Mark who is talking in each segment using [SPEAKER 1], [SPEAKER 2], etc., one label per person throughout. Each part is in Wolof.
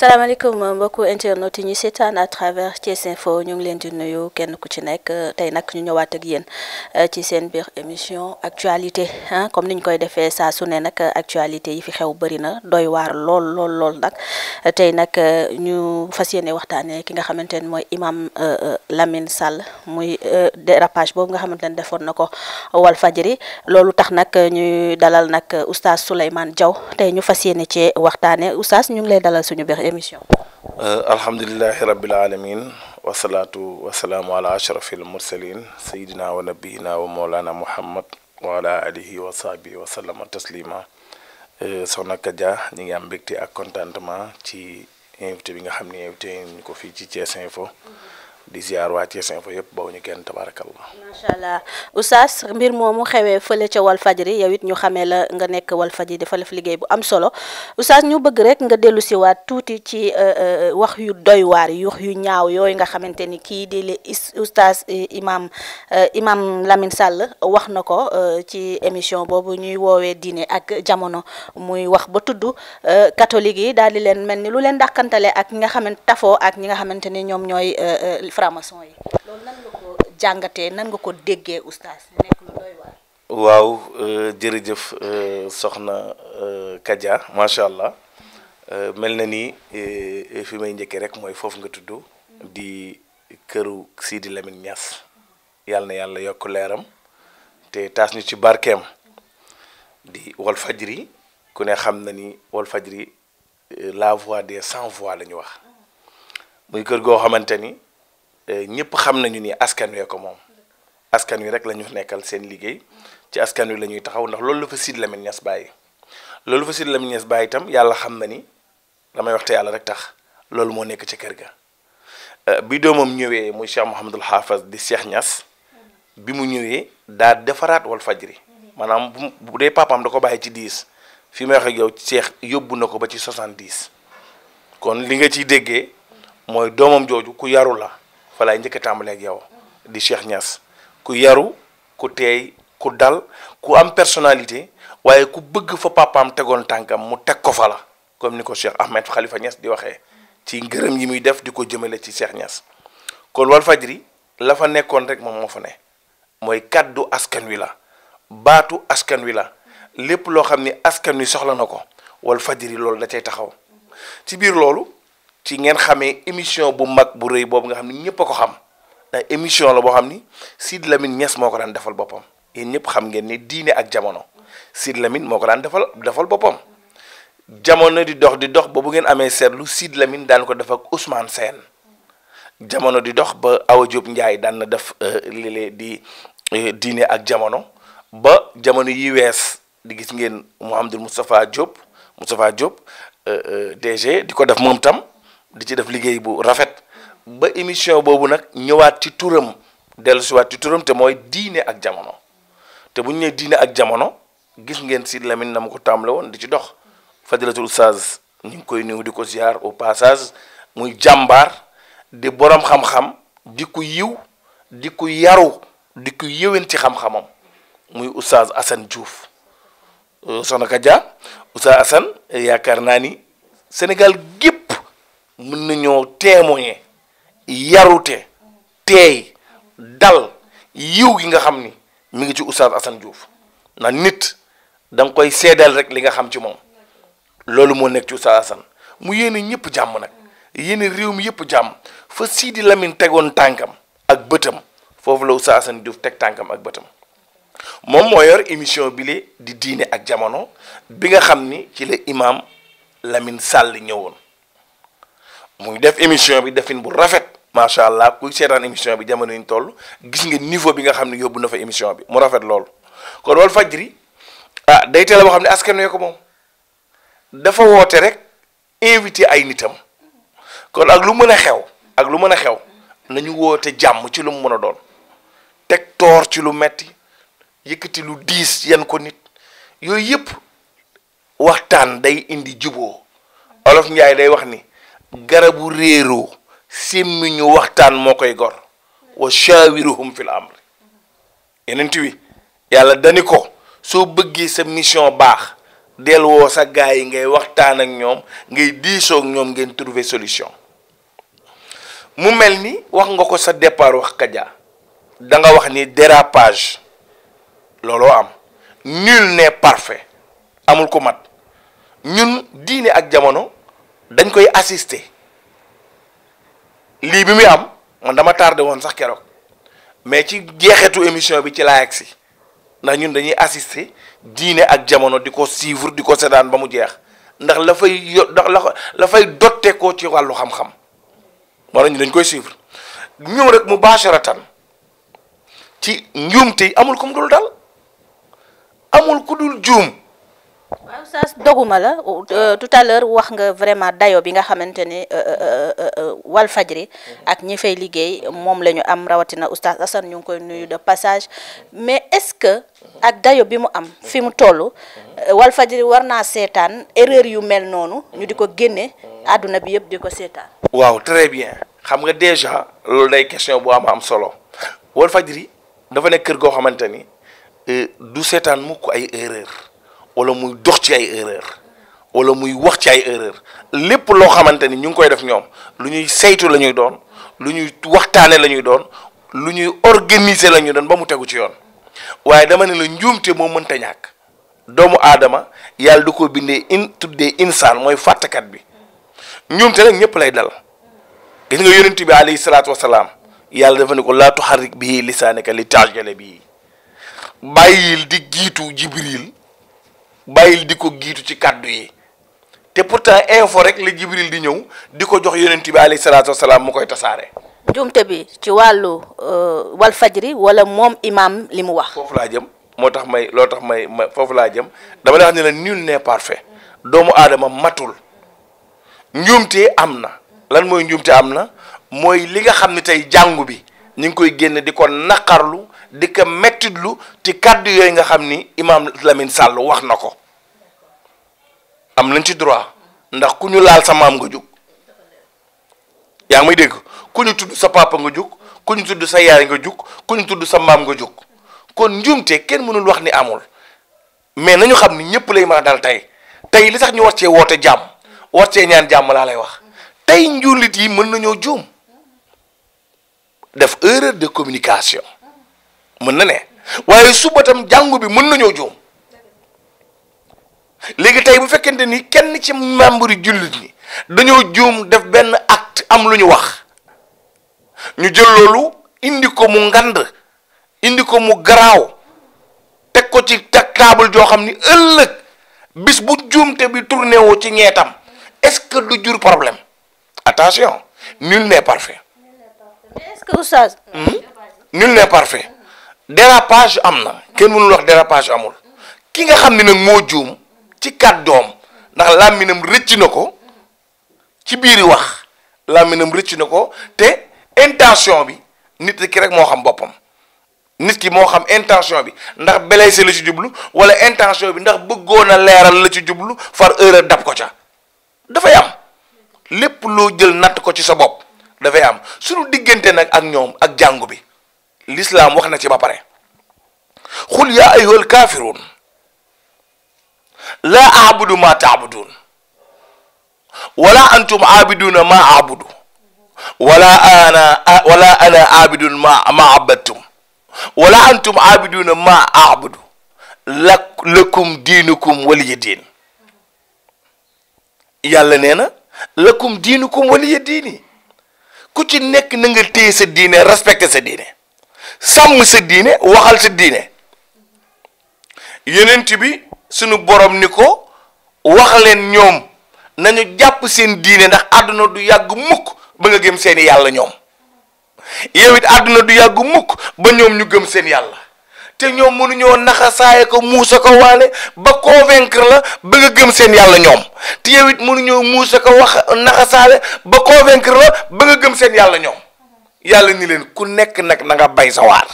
[SPEAKER 1] salaamaaleykum mbokku internet yi ñu seetaan à travers sen Info ñu ngi leen di nuyu kenn ku ci nekk tey nag ñu ñëwaat ak yéen euh, ci seen biir émission actualité comme ni koy defee saa su ne nag actualité yi fi xew bëri na doy waar lool lool lool nag tey nag euh, ñu fas yéene waxtaanee ki nga xamante ne mooy imam euh, Lamine Sall muy dérapage boobu nga xamante ne defoon na ko wal fajiri loolu tax nag ñuy dalal nag oustaz Souleymane Diaw tey ñu fas yéene cee waxtaanee oustaz ñu ngi lay dalal suñu biir. émission
[SPEAKER 2] euh, alhamdulilahi rabbil alamin wasalaatu wasalaamu ala ashrafil mursalin sayidina wa nabiyina muhammad wa alihi wa sahbihi wa sallama euh, ñi ngi am mbégte ak contentement ci invité bi nga xam ne ko fii ci Thiès Info di ziar waa Thiès Info yëpp baw ñu kenn tabarakallah
[SPEAKER 1] macha allah oustaz mbir moomu xewee fële ca wal fajri yow ñu xamee la nga nekk wal fajri dafa def liggéey bu am solo oustaz ñu bëgg rek nga dellu si waat tuuti ci euh, euh, wax yu doy waar yu yu ñaaw yooyu nga xamante ni kii di li oustaz euh, imam imam Lamine Sall wax na ko ci émission boobu ñuy woowee diine ak jamono muy wax ba tudd catholique yi daal di leen mel ni lu leen dàkkantale ak nga xamante tafoo ak nga xamante yi franc yi loolu nan nga ko déggee oustaz nekk lu
[SPEAKER 2] waaw euh, jërëjëf euh, soxna euh, Kaja macha allah mel na ni fi may njëkkee rek mooy foofu nga tudd di këru Sidi Lamine Niass yàlla na yàlla yokk leeram te taas ñu ci barkeem di wal fajri ku ne xam na ni wal fajri la voix de cent voix la ñu wax muy kër goo xamante ni Euh, ñëpp xam nañu ni askan wee ko moom askan wi rek la ñu nekkal seen liggéey ci askan wi la ñuy taxaw ndax loolu la fa Sidy Lamine Niass bàyyi loolu fa Sidy Lamine Niass bàyyi itam yàlla xam na ni damay wax te yàlla rek tax loolu moo nekk ci kër ga euh, bi doomam ñëwee muy Cheikh Mouhamadul Haafaz di seex Niass bi mu ñëwee daa defaraat wal fajri maanaam bu dee papaam da ko bàyyi ci diis fi may wax ak yow Cheikh yóbbu na ko ba ci soixante-dix kon li nga ci déggee mooy doomam jooju ku yaru la falaay njëkk a tàmbalee ak yow di Cheikh Niass ku yaru ku teey ku dal ku am personnalité waaye ku bëgg fa papaam tegoon tànkam mu teg ko fa la comme ni ko Cheikh Ahmed xalifa Niass di waxee ci ngërëm yi muy def di ko jëmale ci Cheikh Niass kon Walfadjri la fa nekkoon rek moom moo fa ne mooy kàddu askan wi la baatu askan wi la lépp loo xam ni askan wi soxla na ko wal Walfadjri loolu da cay taxaw ci biir loolu. ci ngeen xamee émission bu mag bu rëy boobu nga xam ni ñëpp a ko xam ndax émission la boo xam ni Sidy Lamine Niass moo ko daan defal boppam yéen ñëpp xam ngeen ne diine jamono Sidy Lamine moo ko daan defal defal boppam jamono di dox di dox ba bu ngeen amee seetlu Sidy Lamine daan ko def ak Ousmane Sène jamono di dox ba Awa Diop Ndiaye daan na def euh, léeg di euh, diine ak jamono ba jamono yi wees di gis ngeen Mouhamadou Moustapha Diop Moustapha Diop euh, DG di ko def moom tam. di ci def liggéey bu rafet ba émission boobu nag ñëwaat ci turam dellusiwaat ci turam te mooy diine ak jamono te bu ñu diine ak jamono gis ngeen si Lamine na mu ko tàmbale woon di ci dox fadilatul oustaz ñu ngi koy nuyu di ko ziar au passage muy jàmbaar di borom xam-xam di ku yiw di ku yaru di ku yëwen ci xam-xamam muy ussage Assane Diouf euh, soxna Kaja oustaz Assane yaakaar naa ni Sénégal gépp mën ñëw témoigner yarute teey dal yiw gi nga xam ni mu ngi ci Oustaz Assane Diouf na nit danga koy seedal rek li nga xam ci moom loolu moo nekk ci Oustaz Assane mu yéene ñëpp jàmm nag yéene réew mi yëpp jàmm fa di Lamine tegoon tànkam ak bëtam foofu la Oustaz Assane Diouf teg tànkam ak bëtam moom moo yor émission bi di diine ak jamono bi nga xam ni ci la imaam Lamine Sall ñëwoon muy def émission bi defin bu rafet macha allah kuy seetaan émission bi jamono yiñ toll gis nga niveau bi nga xam ne yóbbu na fa émission bi mu rafet loolu kon wal ri ah day teel a xam ne askan wi ko moom dafa woote rek invité ay nitam kon ak lu mën a xew ak lu mën a xew nañu woote jàmm ci lu mu mën a doon teg toor ci lu metti yëkkati lu diis yan ko nit yooyu yëpp waxtaan day indi juboo olof Njaay day wax ni. garabu réeroo simmi ñu waxtaan moo koy gor wa shawiruhum fil amri yeneen wi yàlla dani ko soo bëggee sa mission baax delluwoo sa gars yi ngay waxtaan ak ñoom ngay diisoo ñoom ngeen trouver solution mu mel ni wax nga ko sa départ wax Kaja da nga wax ni dérapage looloo am nul n'est parfait amul ko mat ñun diine ak jamono. dañ koy assisté lii bi muy am man dama tardé woon sax keroog mais ci jeexeetu émission bi ci laa yegg si ndax ñun dañuy assisté diine ak jamono di ko suivre di ko seddaan ba mu jeex ndax la fay yo ndax dotte ko ci wàllu xam-xam moo dañ koy suivre ñëw rek mu baasharatan ci njuumte yi amul ku mu dul dal amul ku dul juum. waaw
[SPEAKER 1] saas doguma la euh, tout à l'heure wax nga vraiment dayo bi nga xamante ne euh, euh, Walfadjri ak ñi fay liggéey moom lañu am rawatina oustaz Assane ñu ngi koy nuyu de passage mais est-ce que ak dayo bi mu am fi mu toll Walfadjri war naa seetaan erreur yu mel noonu ñu di ko génne àdduna bi yëpp di ko seetaan
[SPEAKER 2] waaw très bien xam nga déjà loolu day question boo am am solo Walfadjri dafa nekk kër goo xamante ni du seetaan mukk ay erreur wala muy dox ci ay erreur wala muy wax ci ay erreur lépp loo xamante ni ñu ngi koy def ñoom lu ñuy saytu la ñuy doon lu ñuy waxtaane la ñuy doon lu ñuy organiser la ñuy doon ba mu tegu ci yoon waaye dama ne la njuumte moom mënta ñàkk doomu aadama yàlla du ko bindee in tuddee insaan mooy fàttkat bi njuumte nag ñëpp lay dal gis nga yonent bi alayhi salaatu wasalaam yàlla dafa ne ko laa tuharrik bihi lisaanaka li taajala bii bàyyil di jiitu jibril bàyyil di ko giitu ci kàddu yi te pourtant info rek la jibril di ñëw di ko jox yonent bi alayhi salaatu wasalaam mu koy tasaare
[SPEAKER 1] jumte bi ci wàllu euh, wal fajri wala moom imaam li mu wax foofu
[SPEAKER 2] laa jëm moo tax may loo tax may ma foofu laa jëm dama lay wax ne la nul n'est parfait doomu aadama matul njuumte am na lan mooy njuumte am na mooy li nga xam ne tey jàngu bi ñu ngi koy génn di ko naqarlu di ko mettitlu ti kàddu yooyu nga xam ni imaam Lamine Sall wax na ko am nañ ci droit ndax ku ñu laal sa maam nga jug yaa ngi may dégg ku ñu tudd sa papa nga jug ku ñu tudd sa yaay nga jug ku ñu tudd sa maam nga jug kon njuumte kenn mënul wax ni amul mais nañu xam ni ñëpp lay maa a dal tey tey li sax ñu war cee woote jàmm war cee ñaan jàmm laa lay wax tey njuulit yi mën nañoo juum def erreur de communication mën na ne waaye suba tam jàngu bi mën na nañoo juum. léegi tey bu fekkente ni kenn ci membre yu jullit ñi dañoo juum def benn acte am lu ñu wax ñu jël loolu indi ko mu ngand indi ko mu garaaw teg ko ci teg taabal joo xam ni ëllëg bis bu juumte bi tourné woo ci ñeetam est-ce que du jur problème attention nul n'est parfait.
[SPEAKER 1] est-ce que oustaz.
[SPEAKER 2] Hmm? nul n'est parfait dérapage am na kenn mënul wax dérapage amul ki nga xam ne nag moo juum. ci kàddoom ndax làmminam rëcci na ko ci biir i wax làmminam rëcc na ko te intention bi nit ki rek moo xam boppam nit ki moo xam intention bi ndax blessé jublu wala intention bi ndax bëggoon a leeral la ci jublu far erreur dab ko ca dafay am lépp loo jël natt ko ci sa bopp dafay am suñu diggante nag ak ñoom ak jàngu bi lislaam wax na ci ba pare xul yaa ayyuhal kaafiruun la a'budu ma ta'budun wala antum abiduna ma a'budu wala ana wala ana abidun ma ma wala antum abiduna ma a'budu lak lakum diinukum waliya diin yàlla nee lakum diinukum waliya diini ku ci nekk na nga téye sa diine respecté sa diine sàmm sa diine waxal sa diine yenent suñu borom ni ko wax leen ñoom nañu jàpp seen diine ndax àdduna du yàgg mukk ba gëm seen yàlla ñoom yow àdduna du yàgg mukk ba ñoom ñu gëm seen yàlla te ñoom mënuñoo naxasaaye ko muusa ko waale ba convaincre la ñoom te yow it mënuñoo muusa ko wax naxasaale ba convaincre la ba nga gëm seen yàlla ñoom yàlla ni leen ku nekk nag na nga bay sa waar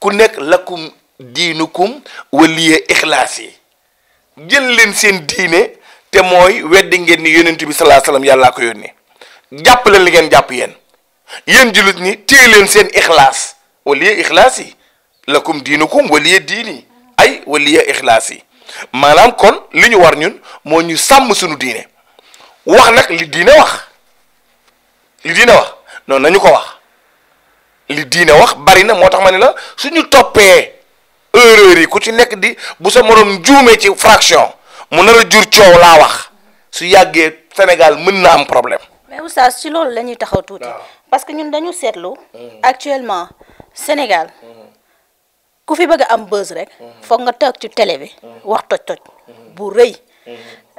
[SPEAKER 2] ku nekk lakum diinukum waliya ixlaas yi jël leen seen diine te mooy weddi ngeen ni yonent bi salaa salaam yàllaa ko yónnee jàpp la li ngeen jàpp yéen yéen jullit ñi téye leen seen ixlaas waliya ixlaas yi la lakum diinukum waliya diini ay waliya ixlaas yi maanaam kon li ñu war ñun moo ñu sàmm suñu diine wax nag li diine wax li diine wax noonu nañu ko wax li diine wax bari na moo tax ma ne la su ñu toppee erreur yi ku ci nekk di bu sa morom juumee ci fraction mu nar a jur coow laa wax su yàggee Sénégal mën na am problème.
[SPEAKER 1] mais oustaz si loolu lañuy ñuy taxaw tuuti. parce que ñun dañu seetlu. Mm. actuellement Sénégal mm. ku fi bëgg a am buzz rek. Mm. foog nga toog ci télé bi. wax toj-toj bu rëy.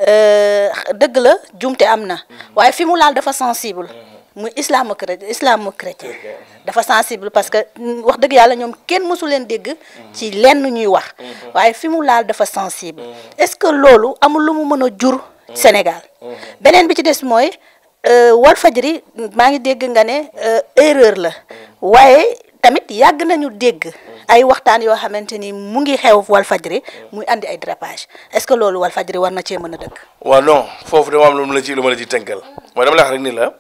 [SPEAKER 1] Euh, dëgg la jumte am na waaye fi mu laal dafa sensible. mu islamo chrétien islamo chrétien dafa sensible parce que wax dëgg yàlla ñoom kenn mësu leen dégg ci lenn ñuy wax waaye fi mu laal dafa sensible est-ce que loolu amul lu mu mën a jur Sénégal beneen bi ci des mooy euh, Walfadjri maa ngi dégg nga ne euh, erreur la waaye tamit yàgg nañu dégg ay waxtaan yoo xamante ni mu ngi xew Walfadjri muy andi ay dérapage est-ce que loolu ri war na cee mën a dëkk
[SPEAKER 2] waaw non foofu dama am lu mu la ci lu ma la ci tënkal mooy dama la wax ni la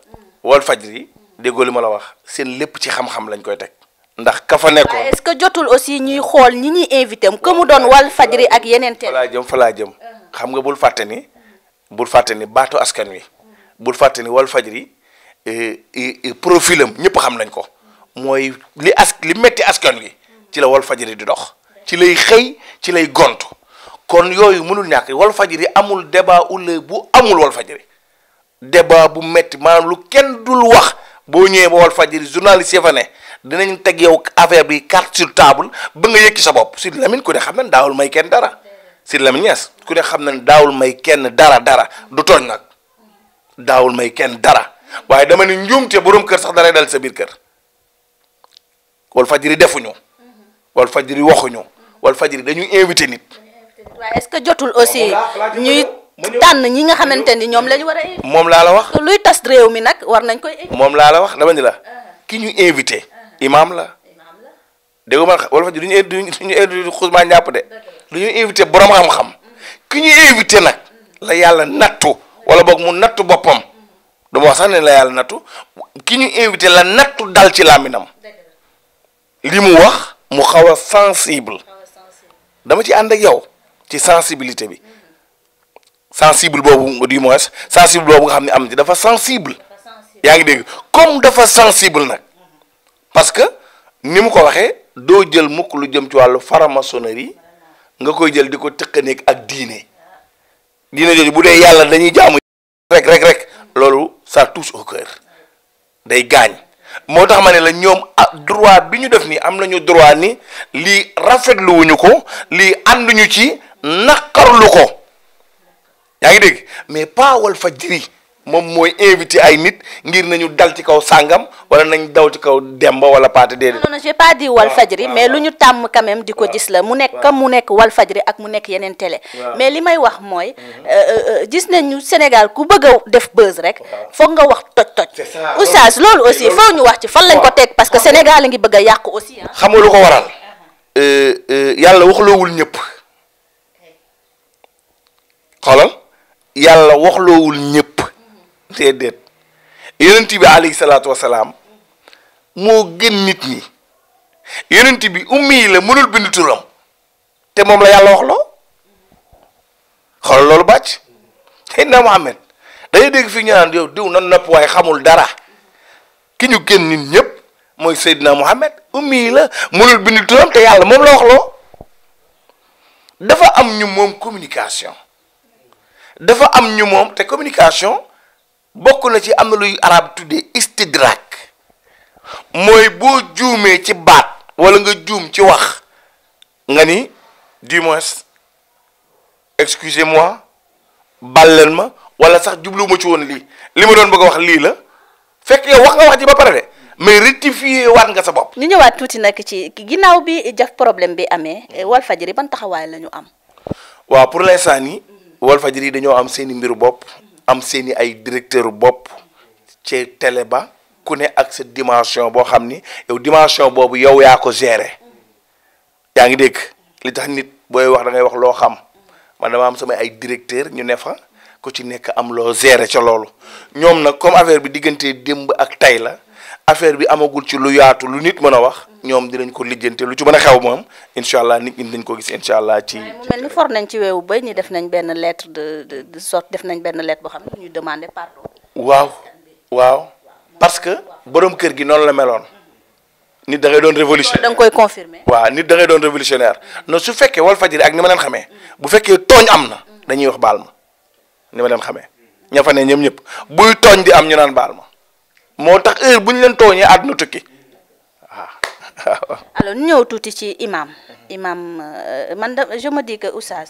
[SPEAKER 2] wal fajri déggoo li ma la wax seen lépp ci xam-xam lañ koy teg. ndax ka fa nekkoon
[SPEAKER 1] est-ce que jotul aussi ñuy xool ñi ñuy invité am que mu doon wal fajri ak yeneen télé.
[SPEAKER 2] falaa jëm falaa jëm xam nga bul fàtte ni bul fàtte ni baatu askan wi bul fàtte ni wal fajri eh, eh, eh, profil ñëpp xam nañ ko mooy li as li metti askan wi ci la wal fajri di dox ci lay xëy ci lay gont kon yooyu mënul ñàkk wal fajri amul débat ule bu amul wal fajri débat bu metti maanaam lu kenn dul wax boo ñëwee ba Walfadjri journaliste yi fa ne dinañ teg yow affaire bi carte sur table ba nga yëkki sa bopp si Lamine ku ne xam ne daawul may kenn dara Sidy Lamine ku ne xam ne daawul may kenn dara dara du tooñ nag daawul may kenn dara waaye dama ne njuumte boroom kër sax dalay dal sa biir kër Walfadjri defuñu Walfadjri waxuñu Walfadjri dañuy invité nit.
[SPEAKER 1] waaw est-ce que jotul aussi tànn ñi nga xamante ni ñoom lañu war a.
[SPEAKER 2] moom laa la wax.
[SPEAKER 1] luy tas réew mi nag war nañ koy.
[SPEAKER 2] moom laa la wax dama ni la. ki ñu invité. Uh-huh. imaam la. dégg nga man wala du ñu ñàpp de du ñu invité borom xam-xam uh-huh. ki ñu invité nag uh-huh. la yàlla nattu wala boog mu nattu boppam duma wax sax ne la yàlla nattu ki ñu invité la nattu dal ci làmminam li mu wax mu xaw a sensible dama ci ànd ak yow ci sensibilité bi sensible boobu du moins sensible boobu nga xam ne am na dafa sensible yaa ngi dégg comme dafa sensible nag parce que ni mu ko waxee doo jël mukk lu jëm ci wàllu faramaçonnerie nga koy jël di ko tëkkaneeg ak diine diine jooju bu dee yàlla dañuy jaamu rek rek rek loolu ça touche au cœur day gaañ moo tax ma ne la ñoom a ah, droit bi ñu def nii am nañu droit ni lii rafetluwuñu ko lii ànduñu ci naqarlu ko yaa ngi dégg mais pas Walfadjri moom mooy invité ay nit ngir nañu dal ci kaw sàngam wala nañ daw ci kaw Demba wala Paate déedéet. non
[SPEAKER 1] non j'ai pas dit Walfadjri ah, mais ah. lu ñu tàmm quand di ko ah. gis la mu nekk comme mu nekk Walfadjri ak mu nekk yeneen tele mais li may wax mooy. Mhm. Euh, euh, euh, gis nañu Sénégal ku bëgg def buzz rek. foog nga wax toj toj. c'est ça loolu aussi foog ñu wax ci fan lañ ko teg parce que Sénégal a ngi bëgg a yàq aussi
[SPEAKER 2] ah. xam nga lu ko waral. yàlla waxloowul ñëpp. yàlla waxloowul ñëpp déedéet yonent bi alayhi salaatu moo gën nit ñi yonent bi ummi yi la mënul bind te moom la yàlla waxloo xool loolu bàcc Seydina Muhammad dañuy dégg fii ñu naan diw na nopp waaye xamul dara ki ñu gën nit ñëpp mooy Seydina Muhammad ummi yi la mënul bind turam te yàlla moom la waxloo dafa am ñu moom communication dafa am ñu moom te communication bokk na ci am na luy arab tuddee istidrak mooy boo juumee ci baat walla nga juum ci wax nga ni du moins excusez-moi bal leen ma wala sax jubluwuma ci woon lii li ma doon bëgg a wax lii la fekk yow wax nga wax ji ba pare de mais rectifier waat nga sa bopp.
[SPEAKER 1] ñu ñëwaat tuuti nag ci ginnaaw bi jaf problème bi amee Walfadjri ban taxawaay lañu am.
[SPEAKER 2] waaw pour l'instant nii Walfadjri yi dañoo am seen i mbiru bopp am seen i ay directeur bopp ci télé ba ku ne ak sa dimension boo xam ni yow dimension boobu yow yaa ko gérer yaa ngi dégg li tax nit booy wax dangay wax loo xam man dama am sama ay directeur ñu ne fa ku ci nekk am loo gérer ca loolu ñoom nag comme affaire bi diggante dimb ak tey la affaire bi amagul ci lu yaatu lu nit mën a wax ñoom dinañ ko lijjante lu ci mën a xew moom incha allah nit ñi dañ ko gis incha allah ci. mu
[SPEAKER 1] mel ni for nañ ci weewu bay def nañ benn lettre de sorte def nañ benn lettre boo xam ne ñu demander pardon.
[SPEAKER 2] waaw waaw parce que borom kër gi noonu la meloon. nit da doon révolutionnaire
[SPEAKER 1] da nga koy confirmer.
[SPEAKER 2] waaw nit da ngay doon révolutionnaire non su fekkee wal fajiri ak ni ma leen xamee bu fekkee tooñ am na dañuy wax baal ma ni ma leen xamee ña fa ne ñoom ñëpp buy tooñ di am ñu naan baal ma. moo tax heure bu ñu leen tooñee àdduna tukki waaw.
[SPEAKER 1] alors ñëw tuuti ci imam. imam euh, man da je me dis que oustaz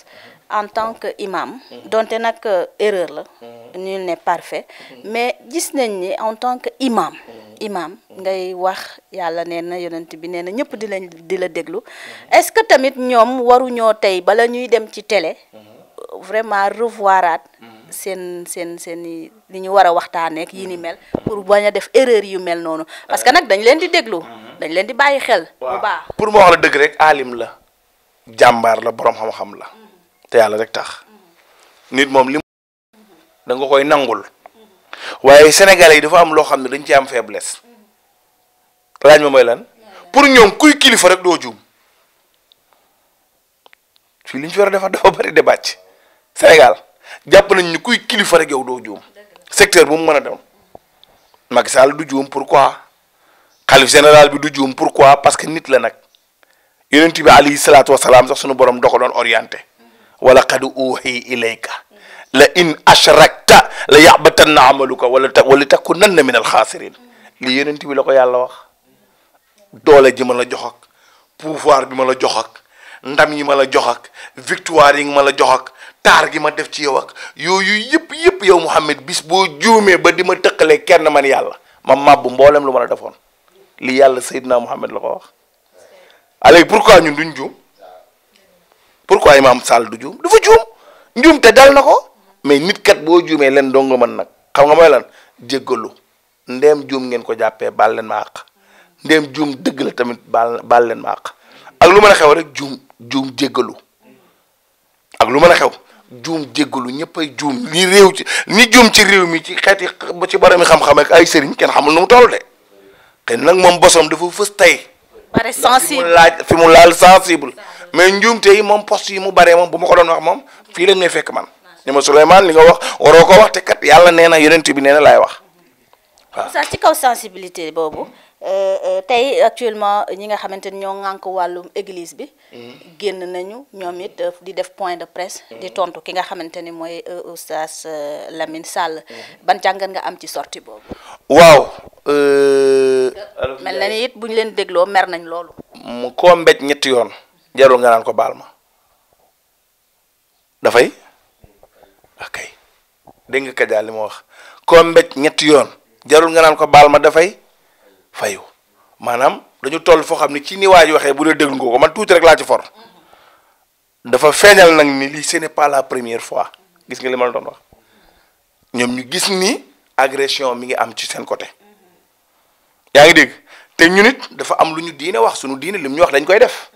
[SPEAKER 1] en tant que imam. donte nag euh, erreur la. nul n'est parfait mais gis nañ ni en tant que imam. imam ngay wax yàlla nee na yonent bi nee na ñëpp di lañ di la déglu est-ce que tamit ñoom waruñoo tey bala ñuy dem ci télé. vraiment revoiraat seen seen seen i li ñu war a waxtaanee ak yi ni mm. mel pour wañ a def erreur yu mel noonu parce que nag dañ leen di déglu mm-hmm. dañ leen di bàyyi xel bu baax
[SPEAKER 2] pour ma wax la dëgg rek alim la jàmbaar la boroom xam-xam la mm-hmm. te yàlla rek tax mm-hmm. nit moom li da nga koy nangul waaye sénégalais yi dafa am loo xam ne dañ ci am faiblesse laaj ma mooy lan pour ñoom kuy kilifa rek doo juum fii li ñu fi war a defar dafa bari débat ci Sénégal jàpp nañ ni kuy kilifa rek yow doo juum secteur bu mu mën a doon Macky Sall du juum pourquoi xalif général bi du juum pourquoi parce que nit la nag yonent bi alayhi salaatu wasalaam sax sunu borom doo doon orienté wala qad uuhi ilayka la in ashrakta la yaxbatanna amaluka wala wala takunanna min alxaasirin li yonent bi la ko yàlla wax doole ji ma la jox ak pouvoir bi ma la ndam yi ma la jox ak victoire yi ma la jox ak taar gi ma def ci yow ak yooyu yëpp yëpp yow Mouhamed bis boo juumee ba di ma tëqalee kenn man yàlla ma màbb mboolem lu ma la defoon li yàlla Seydina Mouhamed la ko wax. pour pourquoi ñun duñ juum pourquoi Imam Sall du juum dafa juum njuum te dal na ko mais nit boo juumee leen dong man nag xam nga mooy lan jéggalu ndéem juum ngeen ko jàppee baal leen ma àq ndéem juum dëgg la tamit bal baal leen ma àq ak lu mën a xew rek juum juum jéggalu ak lu mën a xew juum jéggalu ñëppay juum li réew ci ni juum ci réew mi ci xeeti ba ci borom xam-xam ak ay sëriñ kenn xamul nu mu toll de xëy nag moom bosom dafa fës tey. bare sensible fi mu laaj fi mu laal sensible. mais njuumte yi moom post yi mu bare moom bu ma ko doon wax moom fii lañ may fekk man. ni ma li nga wax waroo ko wax te kat yàlla nee na yonent bi nee na laay wax waaw. ci
[SPEAKER 1] kaw sensibilité boobu. Euh, euh, tey actuellement ñi nga xamante ni ñoo ŋànk wàllum église bi. Mm-hmm. génn nañu ñoom it euh, di def point de presse. Mm-hmm. di tontu ki nga xamante ni mooy oustaz Lamine Sall. Mm-hmm. ban jàngat nga am ci sorti boobu.
[SPEAKER 2] waaw. mel na ni
[SPEAKER 1] bu ñu leen dégloo mer nañ loolu.
[SPEAKER 2] mu koo mbéj ñetti yoon. jarul nga naan ko baal dafay. ok dégg nga li ma wax. koo mbéj ñetti yoon. jarul nga naan ko baal ma dafay. fayu maanaam dañu toll foo xam ne ci ni waa ji waxee bu dee déglu nga ko man tuuti rek laa ci for dafa feeñal nag ni lii ce n'est pas première fois gis nga li ma doon wax ñoom ñu gis ni agression mi ngi am ci seen côté yaa ngi dégg te ñu nit dafa am lu ñu diine wax suñu diine lim ñu wax dañ koy def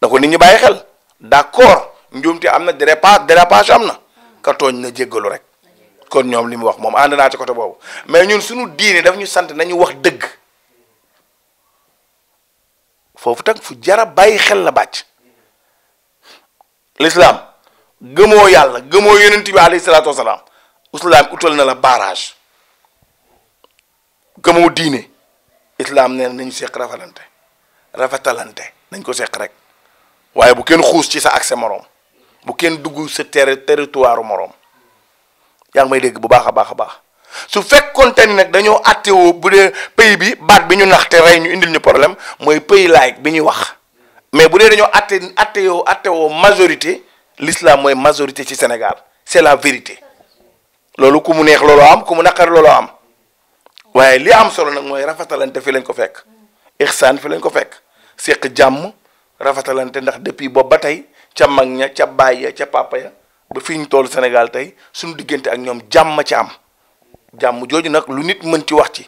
[SPEAKER 2] da ko nit ñi bàyyi xel d'accord njuumte am na dérapage dérapage am na ka na jéggalu rek kon ñoom li mu wax moom ànd naa ci côté boobu mais ñun suñu diine daf ñu sant nañu wax dëgg. foofu tam fu jara bàyyi xel la bàcc lislaam gëmoo yàlla gëmoo yonent bi alayhi salaatu wasalaam islaam utal na la barage gëmoo diine islaam nee nañ seq rafalante rafetalante nañ ko seq rek waaye bu kenn xuus ci sa accès moroom bu kenn dugg sa ter moroom yaa ngi may dégg bu baax a baax a baax su fekkoon ni nag dañoo àttewoo bu dee pays bi baat bi ñu naxte rey ñu indil ñu problème mooy pays laïque bi ñuy wax mais bu dee dañoo àtte àttewoo àttewoo majorité l'islam mooy majorité ci Sénégal c'est la vérité loolu ku mu neex looloo am ku mu naqari looloo am waaye li am solo nag mooy rafetalante fi lañ ko fekk ixsaan fi lañ ko fekk seq jàmm rafetalante ndax depuis boobu ba tey ca mag ña ca baay ya ca papa ya ba fi ñu toll Sénégal tey suñu diggante ak ñoom jàmm ci am jàmm jooju nag lu nit mën ci wax ci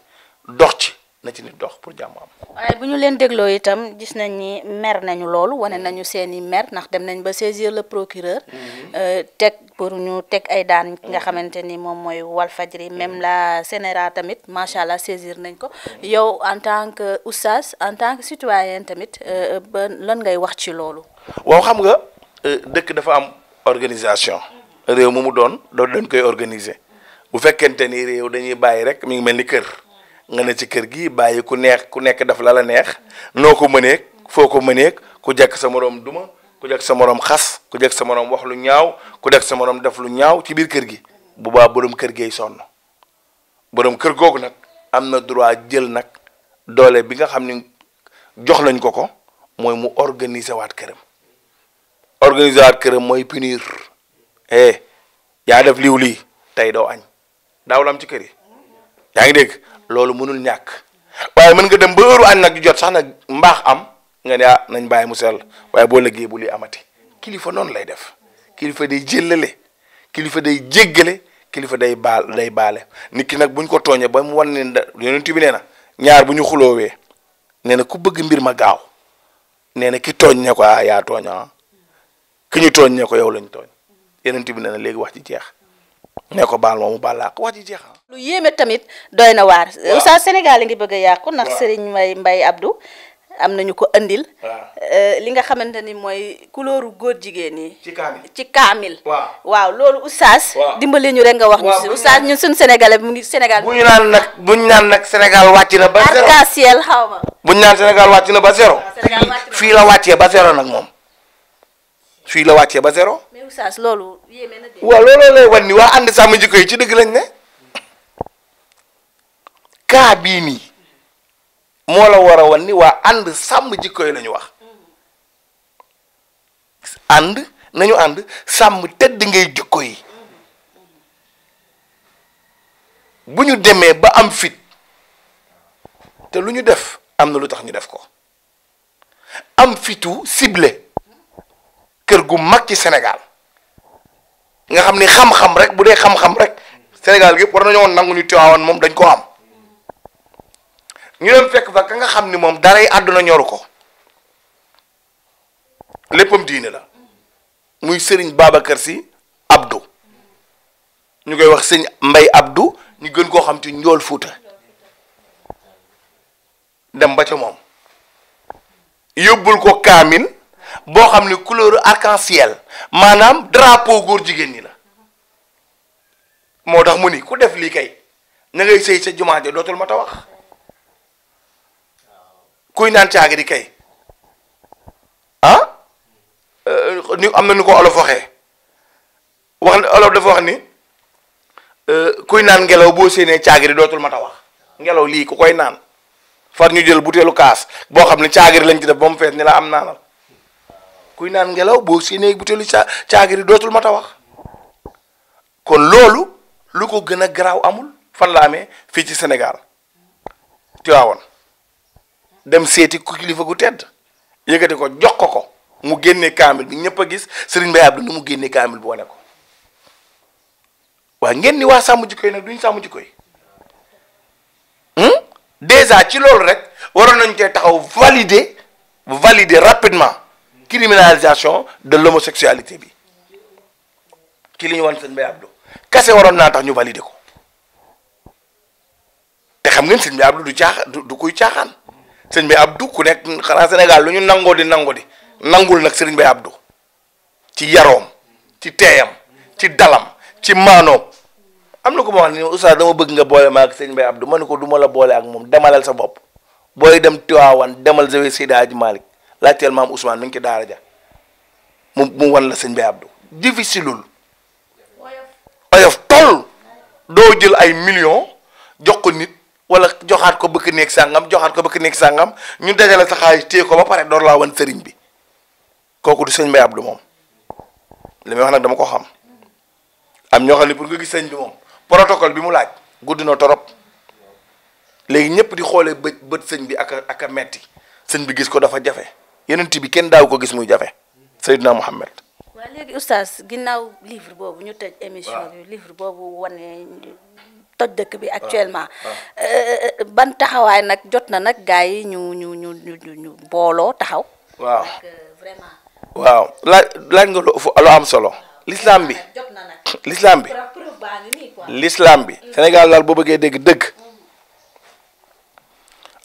[SPEAKER 2] dox ci na ci nit dox pour jàmm
[SPEAKER 1] waaye bu ñu leen dégloo itam gis nañ ni mer nañu loolu wane mm. nañu seen i mer ndax dem nañ ba saisir le procureur. Mm-hmm. Euh, teg pour ñu teg ay daan nga mm-hmm. xamante ni moom mooy Walfadjri mm-hmm. même la CNRA tamit macha allah saisir nañ ko yow en tant que oustaz en tant que citoyen tamit euh, ba lan ngay wax ci loolu.
[SPEAKER 2] waaw xam nga euh, dëkk dafa am organisation. réew mu mu doon doon dañ koy organiser. bu fekkente ni réew dañuy bàyyi rek mi ngi mel ni kër nga ne ci kër gi bàyyi ku neex ku nekk daf la la neex noo ko mëneeg foo ko mëneeg ku jekk sa moroom duma ku jekk sa moroom xas ku jekk sa moroom wax lu ñaaw ku jekk sa moroom def lu ñaaw ci biir kër gi bu baa borom kër geey sonn borom kër googu nag am na droit jël nag doole bi nga xam ni jox lañ ko ko mooy mu organiser waat këram organiser waat këram mooy punir eh yaa def liw lii tey doo añ daawul am ci kër yi yaa ngi dégg loolu mënul ñàkk waaye mën nga dem ba heure añ nag jot sax nag mbaax am nga ne ah nañ bàyyi mu sell waaye boo lëggee bu li amati kilifa noonu lay def kilifa day jëllale kilifa day jéggale kilifa day baal day baale nit ki nag buñ ko tooñee ba mu wan ne yonent bi nee na ñaar bu ñu xuloowee nee na ku bëgg mbir ma gaaw nee na ki tooñ ne ko ah yaa tooñ ah. ki ñu tooñ ne ko yow lañ tooñ yonent bi nee na léegi wax ci jeex ne ko baal moomu baal laa ko
[SPEAKER 1] wax ji jeex lu yéeme tamit doy na waar. waaw saa Sénégal ngi bëgg a yàqu. ndax Serigne mbay Mbaye Abdou. am nañu ko andil. Euh, li nga xamante ni mooy couleur góor jigéen yi. ci kaamil waaw waaw loolu oustaz. dimbali ñu rek nga wax. waaw oustaz ñun suñu sénégalais mu ngi Sénégal. bu ñu naan
[SPEAKER 2] nag bu ñu naan nag Sénégal wàcc na. ba zéro
[SPEAKER 1] arc xaw ma.
[SPEAKER 2] bu ñu naan Sénégal wàcc na ba zéro. fii la wàccee ba zéro nag moom. fii la wàccee ba zéro.
[SPEAKER 1] mais oustaz loolu.
[SPEAKER 2] waaw looloo lay wan ni waa ànd sàmm jikko yi ci dëgg lañ ne kaa bii nii moo la war a wan ni waa ànd sàmm jikko yi la wax ànd nañu ànd sàmm tëdd ngay jikko yi bu ñu demee ba am fit te lu ñu def am na lu tax ñu def ko am fitu ciblé kër gu mag ci Sénégal nga xam ni xam-xam rek bu dee xam-xam rek Sénégal yëpp war nañoo nangu ñu Tiwaawan moom dañ koo am ñu dem fekk fa ka nga xam ni moom daray àdduna ñoru ko léppam diine la muy sëriñ Babacar si Abdou ñu koy wax sëñ Mbay Abdou ñu gën koo xam ci njool Fuuta dem ba ca moom yóbbul ko kaamil boo xam ni couleur arc maanaam drapeau góor jigéen ñi moo tax mu ni ku def lii kay na sëy sa jumaa dootul ma ta wax kuy naan caagi di kay ah? eh, ni am na nu ko olof waxee wax olof dafa wax ni eh, kuy naan ngelaw boo séenee caagiri dootul ma ta wax ngelaw lii ku koy naan far ñu jël butéelu kaas boo xam ne caagiri lañ ci def ba mu ni am naanal kuy naan ngelaw boo séenee butéelu ca caagiri dootul ma a wax kon loolu lu ko gën a garaaw amul fan la amee fii ci Sénégal Tiwaawan dem seeti ku kilifa gu tedd yëkkati ko jox ko ko mu génne kaamil bi ñëpp a gis Serigne Mbaye Abdou nu mu génne kaamil boole ko waaw ngeen ni waa sàmm jikko yi nag duñ sàmm jikko yi hmm? déjà ci loolu rek waroon nañ koy taxaw valider valider rapidement criminalisation de l'homosexualité bi ci li ñu wan Serigne Mbaye kase waroon naa tax ñu validé ko te xam ngeen sëñ bi Abdou du caax du kuy caaxaan sëñ bi Abdou ku nekk xanaa Sénégal lu ñu nangoo di nangoo di nangul nag sëriñ bi Abdou ci yaroom ci teeyam ci dalam ci maanoom am na ko ma xam ni oustaz dama bëgg nga boole ma ak sëñ Baye Abdou ma ne ko du ma la boole ak moom demalal sa bopp booy dem Tiwaawan demal Zawiya Seydi Hadji Malick laajteel maam Ousmane mi ngi ci daara ja mu mu wan la sëñ Baye Abdou difficile oyof toll doo jël ay million jox ko nit wala joxaat ko bëkk néeg sàngam joxaat ko bëkk néeg sàngam ñu dajale sa xaalis téye ko ba pare door laa wan sëriñ bi kooku du sëñ Mbay moom li wax nag dama ko xam am ñoo pour nga gis sëñ bi moom protocole bi mu laaj gudd na torop léegi ñëpp di xoolee bët sëñ bi ak metti sëñ bi gis ko dafa jafe yeneen bi kenn daaw ko gis muy jafe Seydina Muhammad
[SPEAKER 1] waa léegi oustaz ginnaaw livre boobu ñu tëj émission bi livre boobu wane toj dëkk bi actuellement euh, ban taxawaay nag jot na nag gars yi ñu ñu ñu ñu ñu booloo taxaw
[SPEAKER 2] waaw vraiment waaw laaj laaj nga lu am solo l'islam bi lislaam bi l'islam bi mm. Sénégal daal boo bëggee dégg dëgg mm.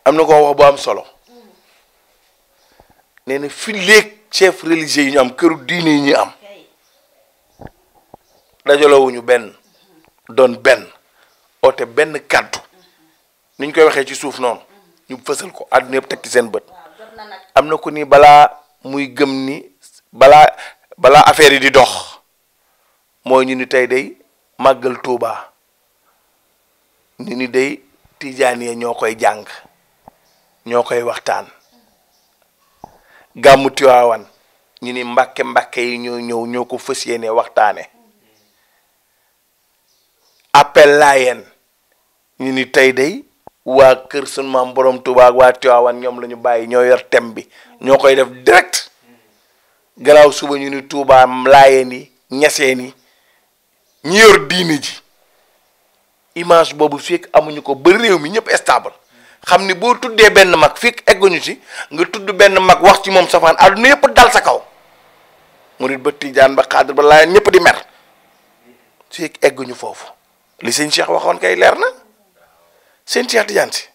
[SPEAKER 2] am na ko wax bu am solo mm. nee fi léegi chef religieux yi ñu am këru diine yi ñu am dajalowuñu benn doon benn oote benn kàddu ni ñu koy waxee ci suuf noonu ñu fësal ko àdduna yëpp teg ci seen bët am na ko ni balaa muy gëm ni balaa balaa affaire yi di dox mooy ñu ni tey day màggal tuuba ñu ni day tiijaan ya ñoo koy jàng ñoo koy waxtaan gàmmu Tiwaawan ñu ni mbàkke mbàkke yi ñoo ñëw ñoo ko fas yéene waxtaane
[SPEAKER 1] appel laayeen
[SPEAKER 2] ñu ni tey day waa kër sunu maam borom Tuubaa waa Tiwaawan ñoom lañu bàyyi ñoo yor tem bi ñoo koy def direct gannaaw suba ñu ni Tuubaa laayeen yi ñeseen yi ñi yor diine ji image boobu fekk amuñu ko ba réew mi ñëpp stable xam ni boo tuddee benn mag fii egguñu ci nga tudd benn mag wax ci moom safaan àdduna yëpp dal sa kaw murit ba tijaan ba xaadir ba laayeen ñëpp di mer fii egguñu foofu li sëñ Cheikh waxoon kay leer na seen Cheikh Tidiane si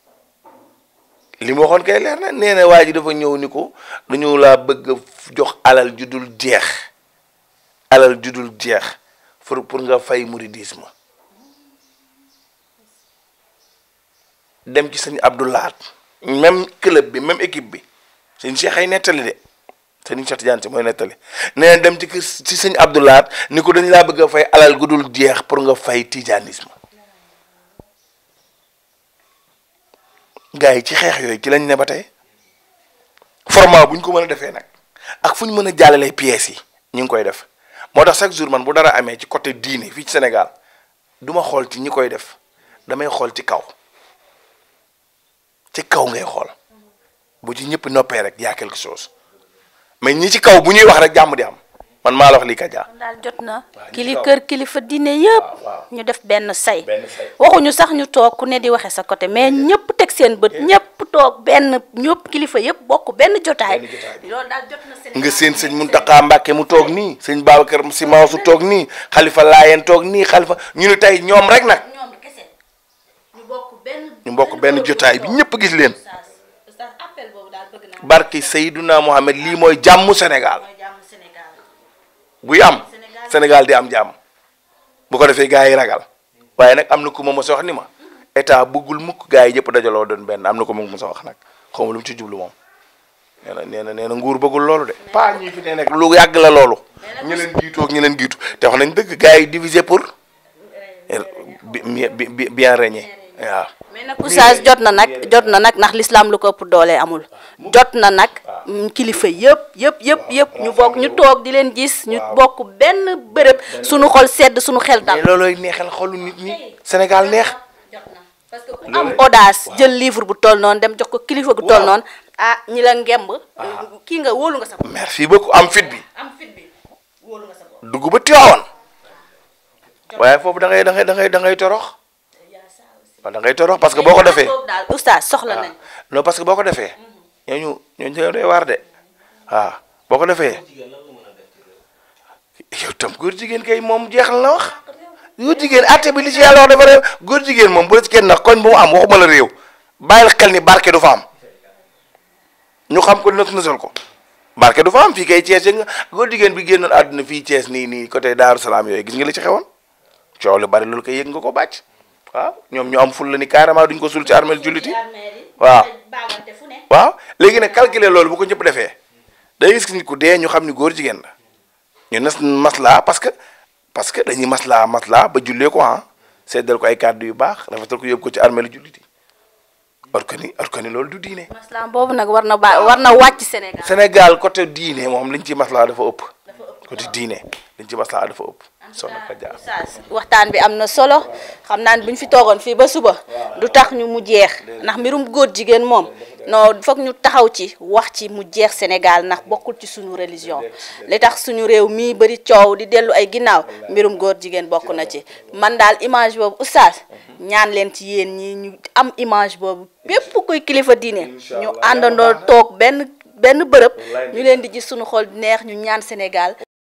[SPEAKER 2] li mu waxoon kay leer na nee na waa ji dafa ñëw ni ko dañu laa bëgg a jox alal ju dul jeex alal ju dul jeex pour pour nga fay muridisme dem ci sëñ Abdou Lahad même club bi même équipe bi sëñ Cheikh ay nettali de sëñ Cheikh Tidiane si mooy nettali nee dem ci kër si sëñ Abdou ni ko dañ laa bëgg a fay alal gu dul jeex pour nga fay tijanisme gars yi ci xeex yooyu ci lañ ne ba tey format bu ñu ko mën a defee nag ak fu ñu mën a jàllalee pièces yi ñu ngi koy def moo tax chaque jour man bu dara amee ci côté diine fii ci Sénégal duma xool ci ñi koy def damay xool ci kaw. ci kaw ngay xool bu ci ñëpp noppee rek yaa quelque chose mais ñi ci kaw bu ñuy wax rek jàmm di am man maa la wax lii Kaja.
[SPEAKER 1] jot na kili kër kilifa diine yëpp. ñu def benn say. waxuñu sax ñu toog ku ne di waxe sa côté mais ñëpp teg seen bët ñëpp toog benn ñëpp kilifa yëpp bokk benn jotaay. loolu daal jot
[SPEAKER 2] na seen nga seen sëñ Mountakha Mbacké mu toog nii sëñ Babacar Si Mansour toog nii xalifa Laayeen toog nii xalifa ñu ni tey ñoom rek nag. ñu mbokk benn jotaay bi ñëpp gis leen barki Seyduna Mohamed lii mooy jàmm Sénégal buy am Sénégal di am jàmm bu ko defee gars yi ragal waaye nag am na ku ma mos wax ni ma état bëggul mukk gars yi ñëpp dajaloo doon benn am na ko ma mos a wax nag xaw ma lu mu ci jublu moom. nee na nee na nee na nguur bëggul loolu de. pas ñi fi ne nag lu yàgg la loolu. ñu leen jiitu ak ñu leen jiitu te wax nañ dëgg gars yi divisé pour eh, bien bien régner. waaw
[SPEAKER 1] mais nag oustaz jot na nag ah, jot na nag ndax ah. lislaam mm, lu ko ëpp doolee amul jot na nag kilifa yëpp yëpp yëpp yëpp ñu bokk ñu toog di leen gis ñu bokk benn bërëb suñu xol sedd suñu xel dal loolooy xolu nit neex parce que ku am audace jël livre bu toll noonu dem jox ko kilifa gu toll noonu ah ñi la ngemb ah. kii nga wóolu nga sa bopp
[SPEAKER 2] merci beaucoup am fit bi am fit bi waaye foofu da ngay torox kon da ngay parce que boo ko defee
[SPEAKER 1] daal oustaz soxla nañ
[SPEAKER 2] non parce que boo defee ñooñu ñooñu ñoo doy de waaw boo ko defee yow tam góor jigéen kay moom jeexal na wax góor jigéen atte bi li ci yàlla wax dafa réew góor jigéen moom bu la kenn nag koñ bu mu am waxuma la réew bàyyil xel ni barke du fa am ñu xam ko nës nësal ko barke du fa am fii kay Thiès yëg jigéen bi génn àdduna fii Thiès nii nii côté Daaru Salaam yooyu gis nga li ci xewoon coow lu bari loolu kay yëg nga ko bàcc waaw ñoom ñu am ful la ni carrément duñ ko suul ci armeel jullit yi waaw waaw léegi nag calculer loolu bu ko ñëpp defee day gis nit ku dee ñu xam ni góor jigéen la ñu nes maslaa parce que parce que dañuy maslaa maslaa ba jullee ko ah seddal ko ay kàddu yu baax rafetal ko yóbbu ci armeelu jullit yi que ni or loolu du diine.
[SPEAKER 1] maslaa boobu nag war na ba war na wàcc Sénégal.
[SPEAKER 2] Sénégal côté diine moom liñ ci maslaa dafa ëpp. côté diine liñ ci maslaa dafa ëpp. soxna
[SPEAKER 1] waxtaan bi am na solo xam naa ne bu fi toogoon fii ba suba du tax ñu mu jeex ndax mbirum góor jigéen moom non foog ñu taxaw ci wax ci mu jeex Sénégal ndax bokkul ci suñu religion li tax suñu réew mii bëri coow di dellu ay ginnaaw mbirum góor jigéen bokk na ci man daal image boobu oustaz mhm. ñaan leen ci yéen ñi ñu am image boobu bépp koy kilifa diine ñu àndandoo toog benn benn bërëb ñu leen di gis suñu xol neex ñu ñaan Sénégal